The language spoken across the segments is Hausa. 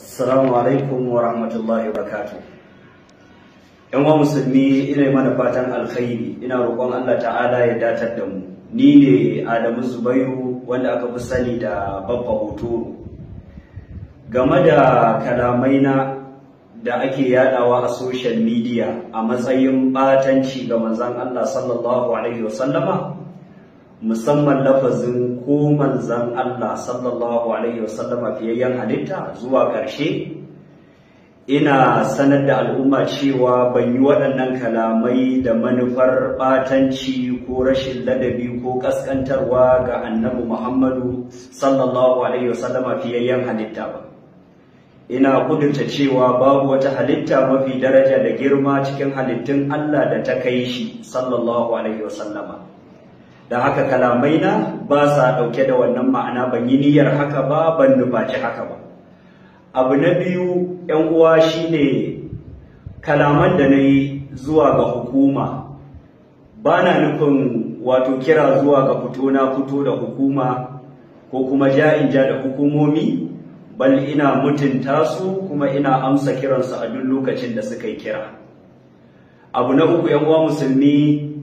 Assalamu alaikum wa rahmatullahi wa barakatuh. ‘Yan wa musulmi ina yi mana fatan alkhairi ina roƙon Allah ta'ala ya datar da mu. Ni ne Adamu Zubairu wanda aka fi sani da babba hoto. Game da kalamai na da ake yaɗawa a social media a matsayin batanci ga manzon Allah sallallahu alaihi wasallama musamman lafazin ko manzan Allah sallallahu alaihi wasallama fiyayyen halitta zuwa ƙarshe ina sanar da al'umma cewa ban yi waɗannan kalamai da manufar ɓatanci ko rashin ladabi ko ƙasƙantarwa ga annabi muhammadu sallallahu alaihi wasallama fiyayyen halitta ba ina kudurta cewa babu wata halitta mafi daraja da girma cikin halittun allah da ta kai shi sallallahu alaihi wasallama da haka kalamai na ba sa ɗauke da wannan ma'ana ban yi niyyar haka ba ban nufaci haka ba abu na biyu yan uwa shine kalaman da na yi zuwa ga hukuma ba na nufin wato kira zuwa ga fito na fito da hukuma ko kuma ja'in ja da hukumomi bal ina mutunta su kuma ina amsa kiransu a duk lokacin da suka yi kira abu na uku yan uwa musulmi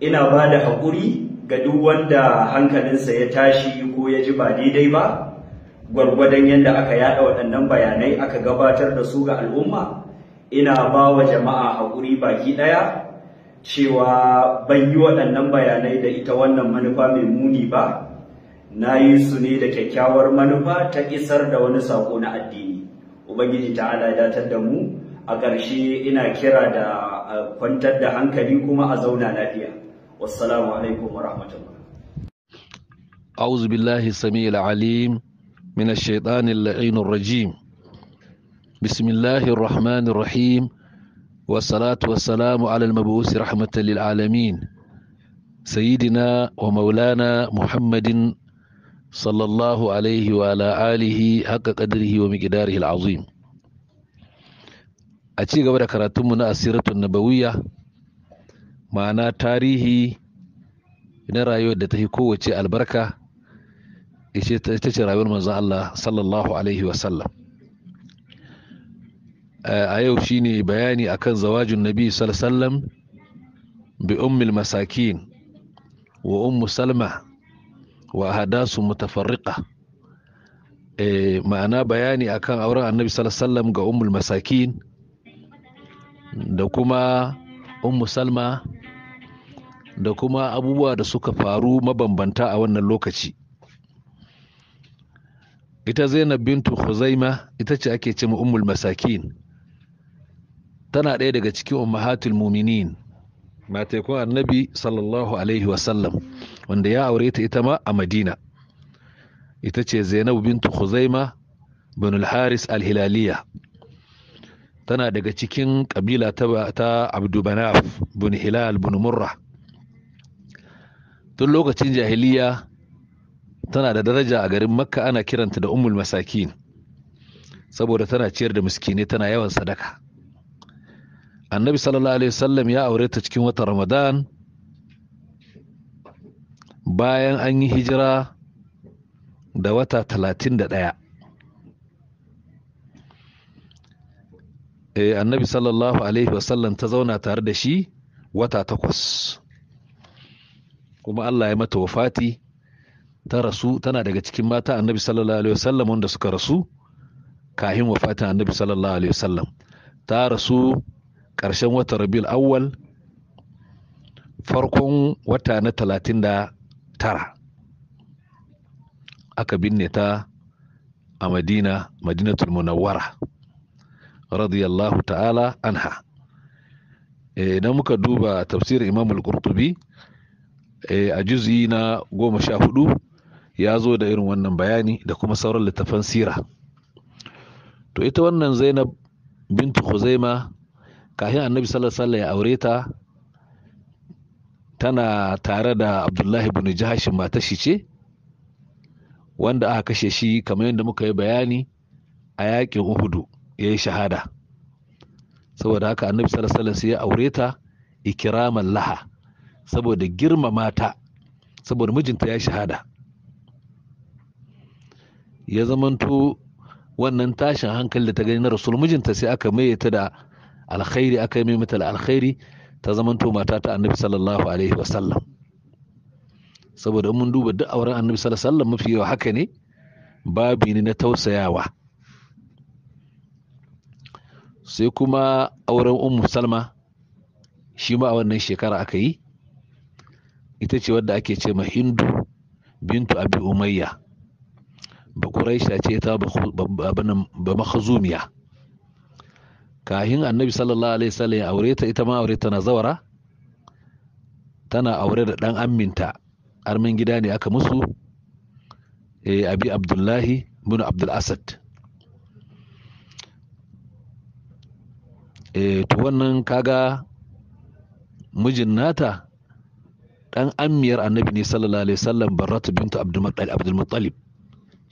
ina ba da haƙuri ga duk wanda hankalinsa ya tashi ko ya ji ba daidai ba gwargwadon yadda aka yada waɗannan bayanai aka gabatar da su ga al'umma ina ba wa jama'a haƙuri baki ɗaya cewa ban yi waɗannan bayanai da ita wannan manufa mai muni ba na yi su ne da kyakkyawar manufa ta isar da wani saƙo na addini ubangiji ta'ala datar da mu a ƙarshe ina kira da kwantar da hankali kuma a zauna lafiya wassalamu alaikum wa rahmatullah أعوذ بالله السميع العليم من الشيطان اللعين الرجيم بسم الله الرحمن الرحيم والصلاة والسلام على المبعوث رحمة للعالمين سيدنا ومولانا محمد صلى الله عليه وعلى آله حق قدره ومقداره العظيم أتيغ بركاته من السيرة النبوية ma'ana tarihi na rayuwar da ta fi kowace albarka ita ce rayuwar maza Allah sallallahu alaihi wasallam eh, a yau shi ne bayani akan zawajin nabi sallallam bi ummil masakin wa ummu salma wa hadasu mutafarriqa eh, ma'ana bayani akan auren annabi sallallam ga ummul masakin da kuma ummu salma da kuma abubuwa da suka faru mabambanta a wannan lokaci ita zainab bintu huzaima ita ce ake ce ummul masakin tana ɗaya daga cikin ummahatul muminin matekun annabi sallallahu alaihi wasallam wanda ya aure ta ita ma a madina ita ce zainab bintu huzaima bin al-haris al-hilaliya tana daga cikin kabila ta abdubanaf bin hilal bin murra tun lokacin jahiliya tana da daraja a garin makka ana kiranta da umul masakin saboda tana ciyar da muskini tana yawan sadaka annabi sallallahu alaihi wasallam ya aure ta cikin watan ramadan bayan an yi hijira da wata talatin da ɗaya Eh, annabi sallallahu alaihi wasallam ta zauna tare da shi wata takwas kuma Allah ya mata wafati ta rasu tana daga cikin mata annabi sallallahu alaihi wasallam wanda suka rasu kahin wafatin annabi sallallahu alaihi wasallam ta rasu ƙarshen watan rabiul awwal farkon wata na talatin da tara aka binne ta a madina madinatul munawwara radiyallahu ta'ala anha eh, idan muka duba tafsirin imam al-qurtubi eh, a juz'i na goma sha hudu ya zo da irin wannan bayani da kuma sauran littafan sira to ita wannan zainab bintu khuzaima kafin annabi sallallahu alaihi ya aure ta tana tare da abdullahi bin jahashin matashi ce wanda aka kashe shi kamar yadda muka yi bayani a yaƙin uhudu ya yi shahada saboda haka annabi sallallahu alaihi wasallam ya aure ta ikiraman laha saboda girmama ta saboda mijinta ya shahada ya zamanto wannan tashin hankali da ta gani na rasul mijinta sai aka maye ta da alkhairi aka yi mata da alkhairi ta zamanto mata ta annabi sallallahu alaihi wasallam saboda mun duba duk auren annabi sallallahu alaihi wasallam mafi yawa haka ne babi ne na tausayawa sai kuma auren ummu salma shi ma a wannan shekara aka yi ita ce wadda ake ce ma hindu bintu abi umayya ba ƙuraisha ce ta ba mahazumiya kahin annabi sallallahu alaihi wasallam ya aure ta ita ma aure ta na zawara tana aure da ɗan aminta armin gida ne aka musu eh, abi abdullahi bin abdul asad eh to wannan kaga mijin nata dan amiyar annabi ne sallallahu alaihi wasallam barratu bintu muttalib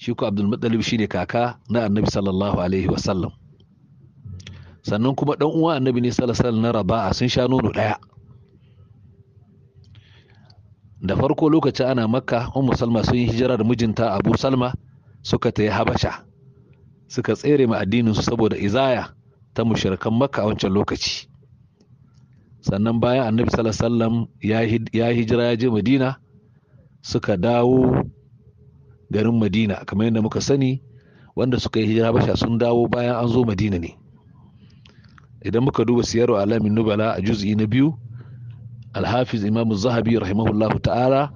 shi ko shi shine kaka na annabi sallallahu alaihi wasallam sannan kuma dan uwa annabi ne sallallahu alaihi wasallam na raba'a sun sha nono daya da farko lokacin ana makka ummu salma sun yi hijira da mijinta abu salma suka tayi habasha suka tsere ma addinin su saboda izaya ta mushrikan makka a wancan lokaci sannan bayan annabi sallallahu ya hijira ya je madina suka dawo garin madina kamar yadda muka sani wanda suka yi hijira basha sun dawo bayan an zo madina ne idan muka duba siyarwa alamin nubala a juz'i na biyu alhafiz imamu zahabi rahimahullahu ta'ala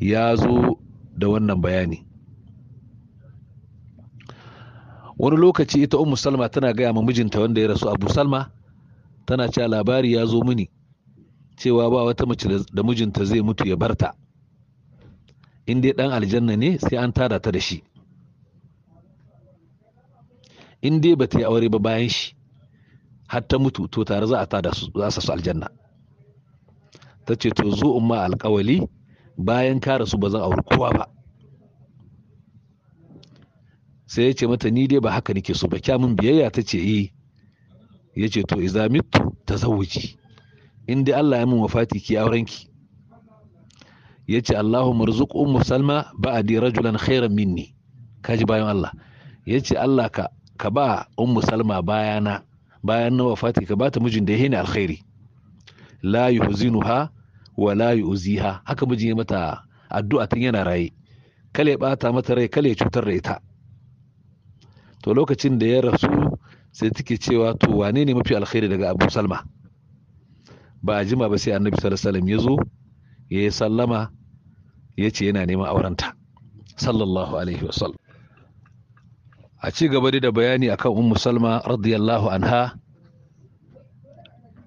ya zo da wannan bayani wani lokaci ita ummu salma tana gaya ma mijinta wanda ya rasu abu salma tana cewa labari ya zo mini cewa ba wata mace da mijinta zai mutu ya barta in dai dan aljanna ne sai an tada ta da shi in dai ba ta yi aure ba bayan shi har ta mutu to tare za a tada su za su aljanna ta ce to zo umma alkawali bayan ka rasu ba zan auri kowa ba sai ya ce mata ni dai ba haka nake so ba kya min biyayya ta ce yi eh. ya ce to iza mitu ta zawuji in dai Allah ya min wafati ki auren ki ya ce Allahu rzuq ummu salma ba'di rajulan khairan minni kaji bayan Allah ya ce Allah ka ba ummu salma bayan na wafati ka ba ta mijin da ya hina alkhairi la yuhzinuha wa la yu'ziha haka mijin ya mata addu'a tun yana raye kale bata mata rai kale cutar da ita to lokacin da ya rasu sai take cewa to wane ne mafi alkhairi daga abu salma ba a jima ba sai annabi sallallahu ya zo ya yi sallama ya ce yana neman aurenta sallallahu alaihi wasallam a ci gaba da bayani akan ummu salma radiyallahu anha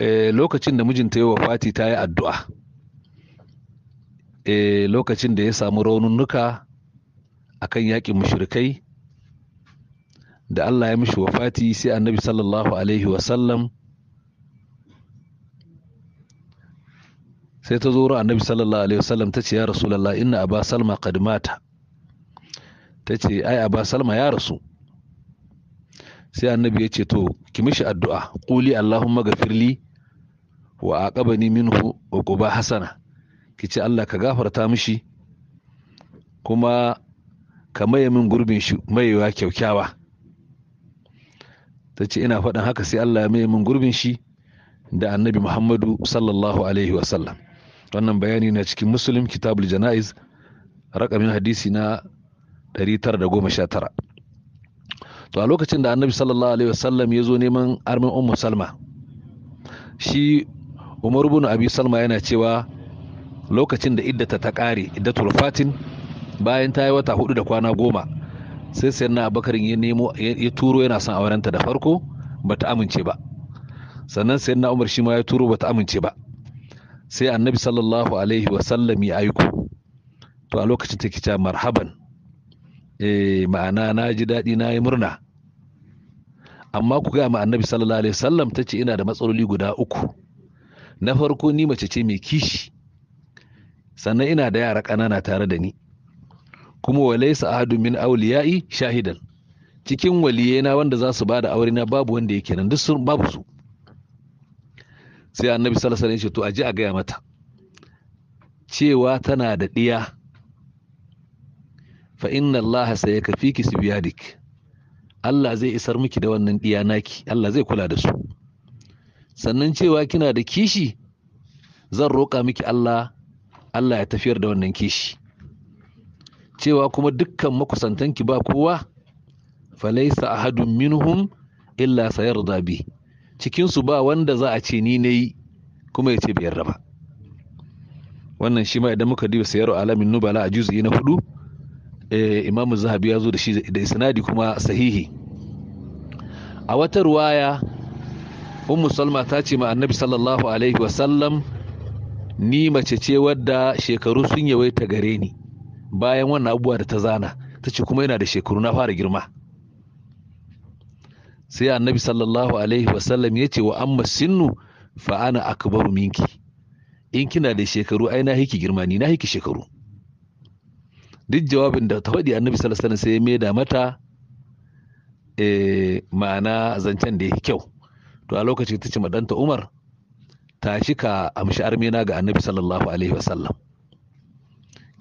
e, lokacin da mijinta ya wafati ta yi addu'a e, lokacin da ya samu raununnuka akan yakin mushrikai da Allah ya mishi wafati sai annabi sallallahu alaihi wasallam sai ta zo ruwa annabi sallallahu alaihi wasallam ta ce ya rasulallah inna aba salma kadimata mata ta ce ai aba salma ya rasu sai annabi ya ce to ki mishi addu'a quli allahumma ghafirli wa aqabani minhu uquba hasana ki ce Allah ka gafarta mishi kuma ka maye min gurbin shi mayewa kyaukyawa ta ce ina faɗin haka sai Allah ya mai min gurbin shi da annabi Muhammadu sallallahu alaihi wasallam wannan bayani na cikin musulun kitabul jana'iz rakamin hadisi na 919 to a lokacin da annabi sallallahu alaihi wasallam ya zo neman armin ummu salma shi umar bin abi salma yana cewa lokacin da iddata ta kare iddatul fatin bayan ta yi wata hudu da kwana goma sai sayar na abubakar ya nemo ya turo yana son aurenta da farko bata amince ba sannan sayar na umar shi ma ya turo bata amince ba sai annabi sallallahu alaihi wasallam ya aiko to a lokacin take ta marhaban eh ma'ana na ji daɗi na yi murna amma ku gaya ma annabi sallallahu alaihi wasallam ta ce ina da matsaloli guda uku na farko ni mace ce mai kishi sannan ina da yara ƙanana tare da ni kuma walaisa ahadu min auliya'i shahidan cikin waliyena wanda za su da aure na babu wanda yake nan duk sun babu su sai annabi sallallahu alaihi wasallam ya ce to ji a gaya mata cewa tana da ɗiya fa inna allaha sayakfiki sibiyadik su Allah zai isar miki da wannan ɗiya naki Allah zai kula da su sannan cewa kina da kishi zan roƙa miki Allah Allah ya tafiyar da wannan kishi cewa kuma dukkan makusantanki ba kowa falaisa ahadun minhum illa sayarda bi cikin su ba wanda za a ce ni nayi kuma ya ce bai yarda ba wannan shi ma idan muka duba sayar alamin nubala a juzuyi na hudu eh, imamu zahabi ya zo da shi da isnadi kuma sahihi a wata ruwaya ummu salma ta ce ma annabi sallallahu alaihi wasallam ni mace ce wadda shekaru sun yawaita gare ni bayan wannan abubuwa da ta zana ta ce kuma yana da shekaru na fara girma sai annabi sallallahu alaihi wasallam ya ce wa amma sinnu fa ana akbaru minki in kina da shekaru ai na hiki girma ni na hiki shekaru duk jawabin da ta faɗi annabi sallallahu alaihi wasallam sai ya maida mata eh, ma'ana zancen da ya kyau to a lokacin ta ce ma ɗanta umar tashi ka amshi armena ga annabi sallallahu alaihi wasallam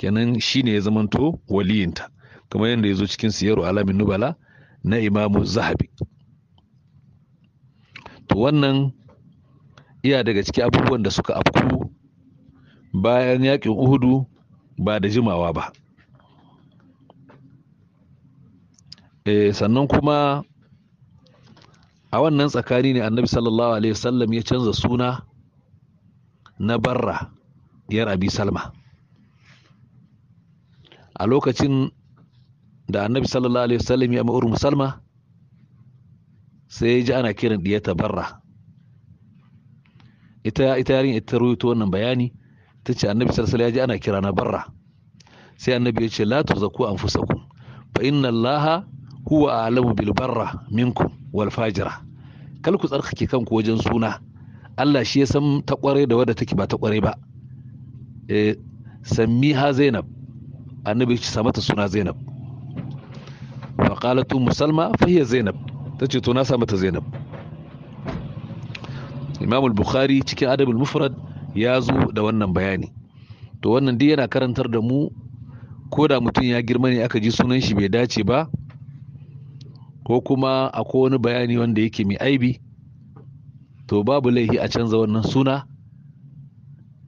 kenan shine ya zamanto waliyinta kamar yadda ya zo cikin siyaru alamin nubala na imamu zahabi to wannan iya daga ciki abubuwan da suka afku bayan yakin uhudu ba da jimawa ba e, sannan kuma a wannan tsakani ne annabi sallallahu alaihi wasallam ya canza suna na barra yar abi salma a lokacin da annabi sallallahu alaihi wasallam ya ma'ur musalma sai ya ji ana kiran diyata barra ita ita yarin ita ruwaito wannan bayani ta ce annabi sallallahu alaihi ya ji ana kira na barra sai annabi ya ce la tuzaku anfusakum fa inna allaha huwa a'lamu bil barra minkum wal fajira kal ku tsarkake kanku wajen suna Allah shi ya san ta kware da wadda take ba ta kware ba eh sammiha zainab annabi ya mata suna zainab faƙalatu musalma fahiya zainab ta ce to na sa mata zainab imam bukhari cikin adabul mufrad ya zo da wannan bayani to wannan dai yana karantar da mu ko da mutum ya girma ne aka ji sunan shi bai dace ba ko kuma akwai wani bayani wanda yake mai aibi to babu laifi a canza wannan suna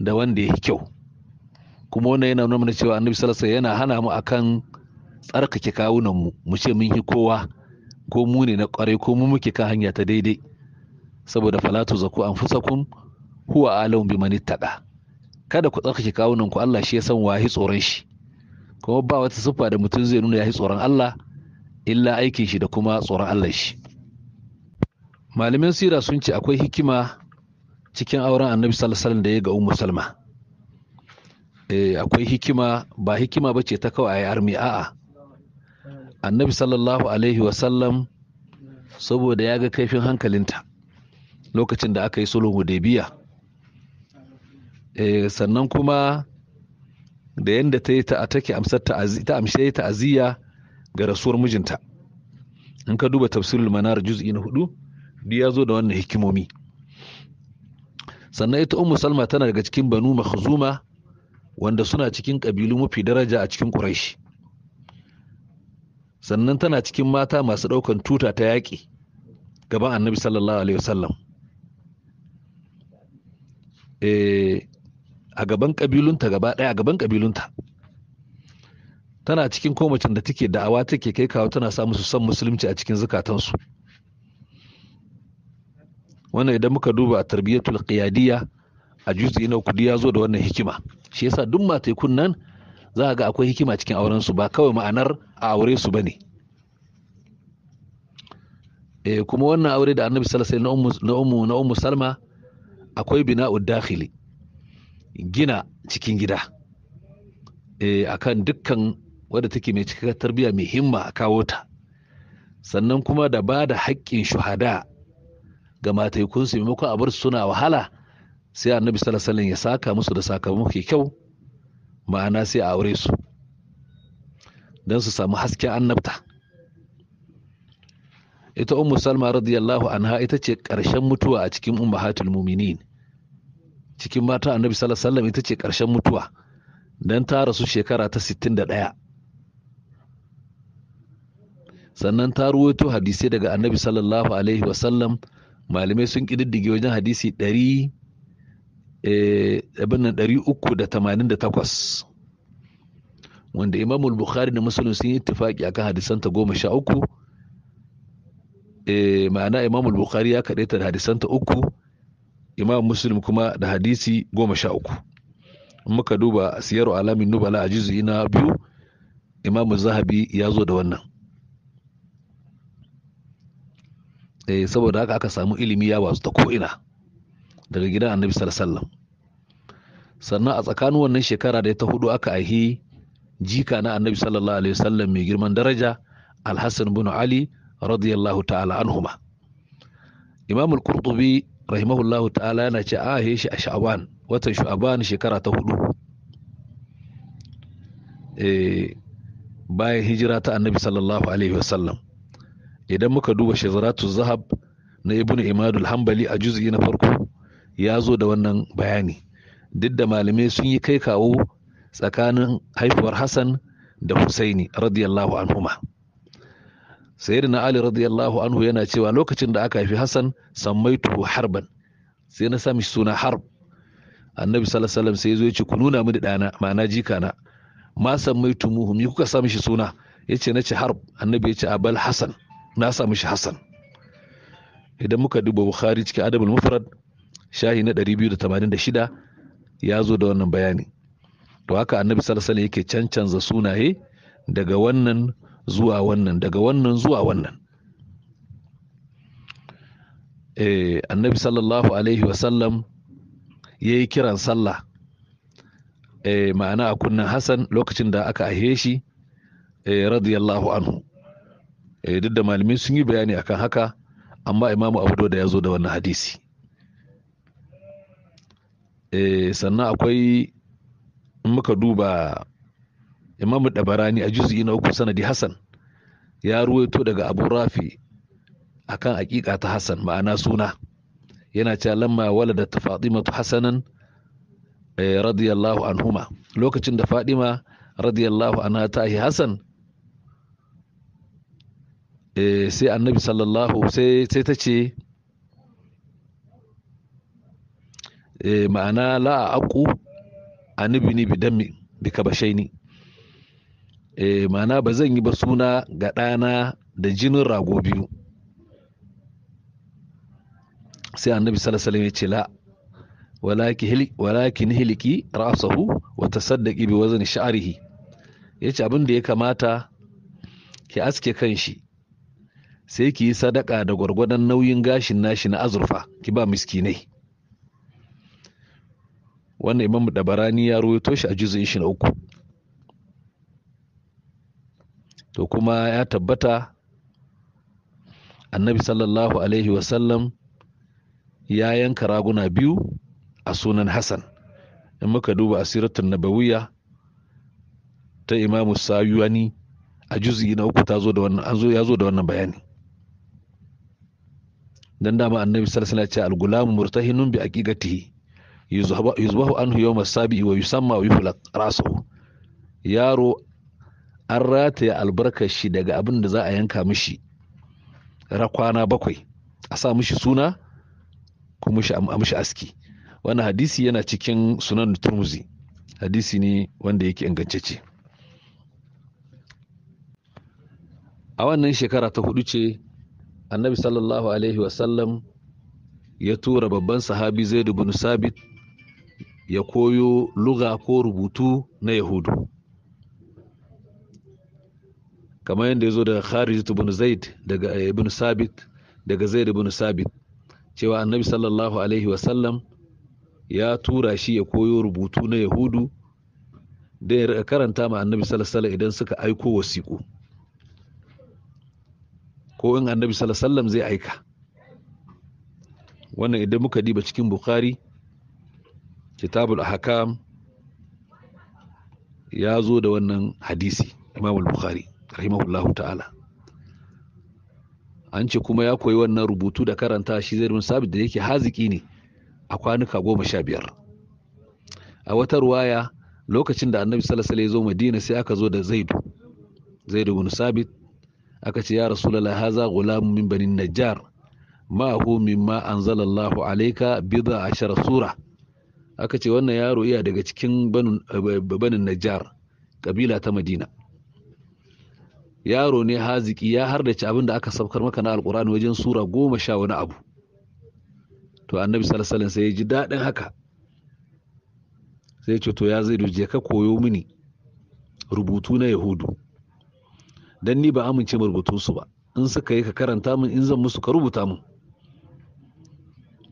da wanda ya kyau kuma wannan yana nuna mana cewa annabi sallallahu yana hana mu akan tsarkake kawunan mu mu ce mun yi kowa ko mu ne na kwarai ko mu muke kan hanya ta daidai saboda falatu zaku anfusakum huwa alam biman ittaqa kada ku tsarkake kawunan ku Allah shi ya san wahi tsoron shi kuma ba wata siffa da mutum zai nuna yahi tsoron Allah illa aikin shi da kuma tsoron Allah shi malamin sira sun ce akwai hikima cikin auren annabi sallallahu alaihi wasallam da ya ga ummu salma Eh, akwai hikima ba hikima ba ce ta kawai a yi armi a'a annabi sallallahu alaihi wasallam saboda ya ga kaifin hankalinta lokacin da aka yi sulhun hudebiya eh, sannan kuma da yadda ta yi ta take ta amshe ta'aziyya ga rasuwar mijinta in ka duba tafsirul manar juz'i na hudu duk ya zo da wannan hikimomi sannan ita ummu salma tana daga cikin banu makhzuma wanda suna cikin ƙabilu mafi daraja a cikin ƙuraishi sannan tana cikin mata masu ɗaukan tuta ta yaƙi gaban annabi sallallahu alaihi wasallam eh, a gaban ƙabilunta gaba ɗaya a gaban ƙabilunta tana cikin komacin da take da'awa take kai kawo tana sa musu son musulunci a cikin zukatansu wannan idan muka duba a tarbiyyatul qiyadiyya a juzi na kudi ya zo da wannan hikima shi yasa duk matai nan za ga akwai hikima cikin auren su ba kawai ma'anar a aure su bane eh kuma wannan aure da Annabi sallallahu alaihi wasallam na ummu na ummu Salma akwai bina'ud dakhili gina cikin gida eh akan dukkan wadda take mai cika tarbiyya mai himma a kawo ta sannan kuma da ba da haƙƙin shuhada ga mataikunsu maimakon a bar suna wahala sai annabi sallallahu ya saka musu da sakamako kyau ma'ana sai a aure su don su samu hasken annabta ita ummu salma radiyallahu anha ita ce ƙarshen mutuwa a cikin ummahatul muminin cikin mata annabi sallallahu alaihi ita ce ƙarshen mutuwa don ta rasu shekara ta 61 sannan ta ruwaito hadisai daga annabi sallallahu alaihi wasallam malamai sun ƙididdige wajen hadisi Eh, nan 388 wanda imamul bukhari da musulun sun yi a kan hadisanta goma sha uku eh, ma'ana imamul bukhari ya kaɗaita da hadisanta uku imam muslim kuma da hadisi goma sha uku muka duba siyar alamin nubala a jizu na biyu imamu zahabi ya zo da wannan eh, saboda haka aka samu ilimi ya wasu ta ko'ina daga gidan annabi sallallahu sannan a tsakanin wannan shekara da ta hudu aka aihi jika na annabi sallallahu alaihi wasallam mai girman daraja alhassan bin ali radiyallahu ta'ala anhuma imam al-qurtubi rahimahullahu ta'ala yana ce a ahe shi a sha'aban watan sha'aban shekara ta hudu eh, bayan hijira ta annabi sallallahu alaihi wasallam idan muka duba shazaratu zahab na ibnu imadul hanbali a juz'i na farko ya zo da wannan bayani duk da malamai sun yi kai kawo tsakanin haifuwar hassan da husaini radiyallahu anhuma sayyidina ali radiyallahu anhu yana cewa lokacin da aka haifi hassan sammaituhu harban sai na sami suna harb annabi sallallahu alaihi sai ya zo ya ce ku nuna mu da dana ma'ana jikana ma muhu mi kuka sami shi suna yace na ce harb annabi ya ce abal Hassan, na sami shi Hassan" idan muka duba bukhari cikin adabul mufrad shahi na 286 ya zo da wannan bayani to haka annabi sallallahu yake cancanza sunaye daga wannan zuwa wannan daga wannan zuwa wannan eh, annabi sallallahu alaihi wasallam ya yi kiran sallah eh, ma'ana a kunnen hassan lokacin da aka ahe shi eh, radiyallahu anhu duk da malamai sun yi bayani akan haka amma imamu abu da ya zo da wannan hadisi Eh, sannan akwai in muka duba imamu dabarani a juzi na uku sanadi hassan ya ruwaito daga abu rafi a kan aƙiƙa ta hassan ma'ana suna yana cewa lamma da ta fatimatu Hassanan, eh, radiyallahu anhuma lokacin da fatima radiyallahu anha ta yi hassan eh, sai annabi sallallahu sai ta ce Eh, ma'ana la aqu anibni bi ka bi ni eh, ma'ana ba zan yi ba suna ga ɗana da jinin rago biyu sai annabi sallallahu alaihi ya ce la walakin hiliki rasahu wata saddaki bi wazn sha'arihi. yace abin da ya kamata ki aske kan shi, sai ki yi sadaka da gwargwadon nauyin gashin nashi na azurfa ki ba miskinai wannan imam dabarani ya ruwaito shi a juz'in shi na uku to kuma ya tabbata annabi sallallahu alaihi wasallam ya yanka raguna biyu a sunan hassan in muka duba asiratun nabawiya ta imamu sayuwani a juz'i na uku ta zo da wannan ya zo da wannan bayani dan dama annabi sallallahu alaihi wasallam ya ce al-gulamu murtahinun bi aqiqatihi yuzbahu anhu yawm as-sabi wa yusamma wa rasuhu yaro an rataya albarkar shi daga abin da za a yanka mishi rakwana bakwai a sa mishi suna kuma a mishi aski wannan hadisi yana cikin sunan turmuzi hadisi ne wanda yake ingantacce a wannan shekara ta hudu ce annabi sallallahu alaihi wasallam ya tura babban sahabi zaidu bin sabit ya koyo luga ko rubutu na yahudu kamar yadda ya zo daga kharij bin zaid daga eh, ibn sabit daga zaid ibn sabit cewa annabi sallallahu alaihi wasallam ya tura shi ya koyo rubutu na yahudu da ya karanta ma annabi sallallahu idan suka aiko wasiƙu ko in annabi sallallahu zai aika wannan idan muka diba cikin bukhari kitabul ahkam ya zo da wannan hadisi imamul bukhari rahimahullahu ta'ala an ce kuma ya koyi wannan rubutu da karanta shi zai bin sabit da yake haziki ne a kwanuka goma sha biyar a wata ruwaya lokacin da annabi salasala ya zo madina sai aka zo da zaidu zaidu bin sabit aka ce ya rasulallah haza gulamun min banin najjar ma hu mimma anzalallahu alayka bid'a ashara sura aka ce wannan yaro iya daga cikin banin eh, najjar kabila ta madina yaro ne haziki ya hardace abin da aka saukar maka na alkur'ani wajen sura goma sha wani abu to annabi salasalin sai ya ji daɗin haka sai ce to ya zai je ka koyo mini rubutu na yahudu Don ni ba amince rubutun su ba in suka yi ka karanta min in zan musu ka rubuta min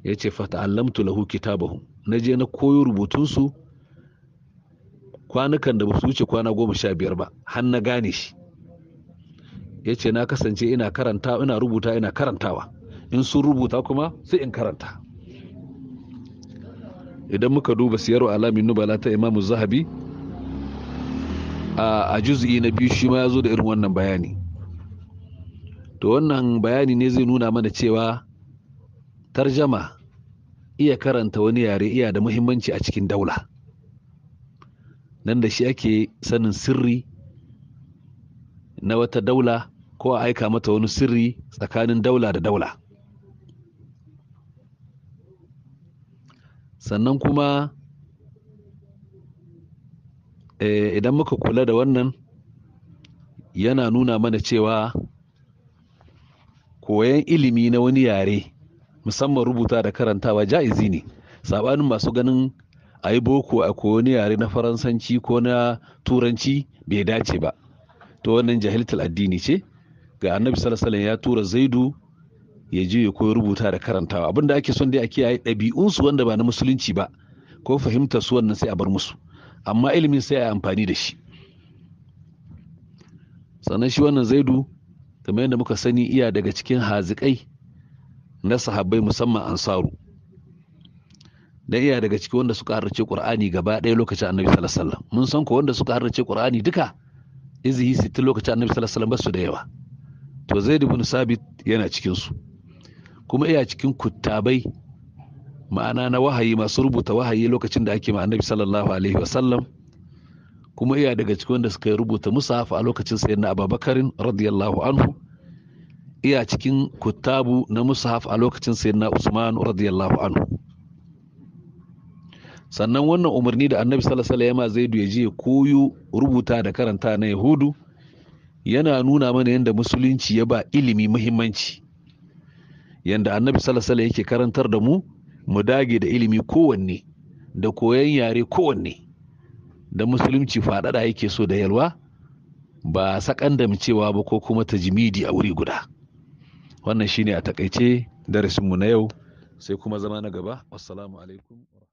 ya ce fata'allamtu lahu kitabahum na je na koyo rubutunsu kwanukan da ba su wuce kwana goma sha biyar ba har na gane shi ya ce na kasance ina karanta ina rubuta ina karantawa in sun rubuta kuma sai in karanta idan muka duba siyarwa alamin nubala ta imamu zahabi a juz'i na biyu shi ma ya zo da irin wannan bayani to wannan bayani ne zai nuna mana cewa tarjama iya karanta wani yare iya da muhimmanci a cikin daula nan da shi ake sanin sirri na wata daula ko a aika mata wani sirri tsakanin daula da daula sannan kuma eh, idan muka kula da wannan yana nuna mana cewa koyon ilimi na wani yare musamman rubuta da karantawa ja'izi ne sabanin masu ganin a yi boko a wani yare na faransanci ko na turanci bai dace ba to wannan jahiltar addini ce ga annabi salasalan ya tura zaidu ya je ya koyi rubuta da karantawa abinda ake son dai a kiyaye ɗabi'unsu wanda ba na musulunci ba ko fahimtar su wannan sai a bar musu amma ilimin sai a amfani da shi sannan shi wannan zaidu kamar yadda muka sani iya daga cikin hazikai na sahabbai musamman ansaru dan iya daga ciki wanda suka harrace qur'ani gaba ɗaya lokacin annabi sallallahu alaihi wasallam mun san ko wanda suka harrace qur'ani duka izihi sittin lokacin annabi sallallahu alaihi wasallam basu da yawa to zaid ibn sabit yana cikin su kuma iya cikin kuttabai ma'ana na wahayi masu rubuta wahayi lokacin da ake ma annabi sallallahu alaihi wasallam kuma iya daga cikin wanda suka rubuta musaf a lokacin sayyidina abubakarin radiyallahu anhu iya cikin kutabu na musahaf a lokacin na usman radiyallahu anhu sannan wannan umarni da annabi sallallahu alaihi wasallam zaidu ya je koyo rubuta da karanta na yahudu yana nuna mana yadda musulunci ya ba ilimi muhimmanci yadda annabi sallallahu alaihi yake karantar da mu mu dage da ilimi kowanne da koyon yare kowanne da musulunci faɗaɗa yake so da yalwa ba sakandam cewa ba ko kuma tajmidi a wuri guda wannan shine a takaice darasinmu na yau sai kuma zama na gaba assalamu alaikum